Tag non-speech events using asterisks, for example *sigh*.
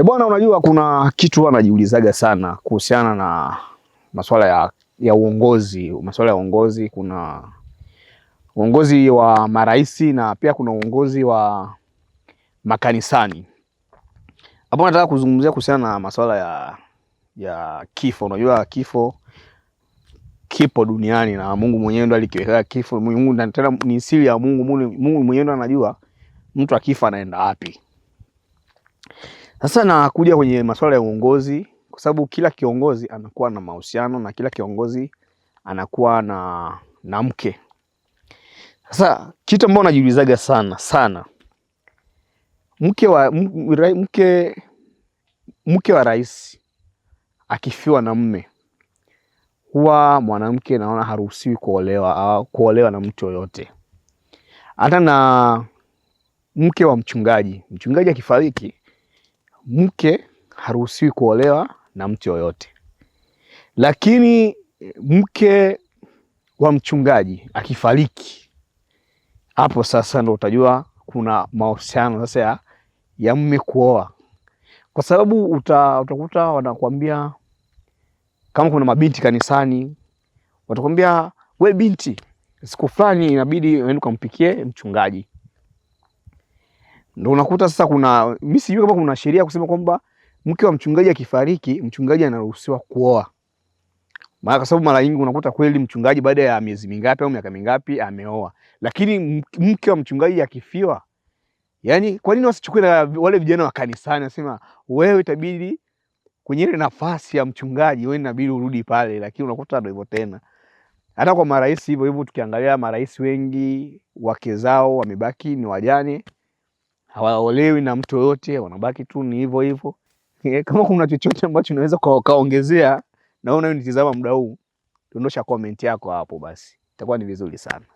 E bwana, unajua kuna kitu wanajiulizaga sana kuhusiana na masuala ya, ya uongozi, masuala ya uongozi. Kuna uongozi wa marais na pia kuna uongozi wa makanisani. Hapo nataka kuzungumzia kuhusiana na masuala ya, ya kifo. Unajua kifo kipo duniani na Mungu mwenyewe ndo alikiweka kifo. Mungu tena ni siri ya Mungu. Mungu mwenyewe ndo anajua mtu akifa anaenda wapi. Sasa nakuja kwenye masuala ya uongozi, kwa sababu kila kiongozi anakuwa na mahusiano na kila kiongozi anakuwa na, na mke. Sasa kitu ambacho najiulizaga sana sana, mke wa, mke, mke wa rais akifiwa na mme, huwa mwanamke naona haruhusiwi kuolewa, kuolewa na mtu yoyote, hata na mke wa mchungaji. Mchungaji akifariki mke haruhusiwi kuolewa na mtu yoyote, lakini mke wa mchungaji akifariki, hapo sasa ndo utajua kuna mahusiano sasa ya, ya mme kuoa, kwa sababu uta, utakuta wanakuambia kama kuna mabinti kanisani, watakwambia we binti, siku fulani inabidi uende ukampikie mchungaji ndio unakuta sasa kuna mimi sijui kama kuna sheria kusema kwamba mke wa mchungaji akifariki mchungaji anaruhusiwa kuoa. Maana kwa sababu mara nyingi unakuta kweli mchungaji baada ya miezi mingapi au miaka mingapi ameoa. Lakini mke wa mchungaji akifiwa yani kwa nini wasichukue wale vijana wa kanisani nasema wewe itabidi kwenye ile nafasi ya mchungaji wewe inabidi urudi pale, lakini unakuta ndio hivyo tena. Hata kwa marais hivyo hivyo, tukiangalia marais wengi wake zao wamebaki ni wajane hawaolewi na mtu yoyote, wanabaki tu ni hivyo hivyo. *laughs* Eh, kama kuna chochote ambacho unaweza ukaongezea, naona unitizama muda huu, dondosha comment yako hapo, basi itakuwa ni vizuri sana.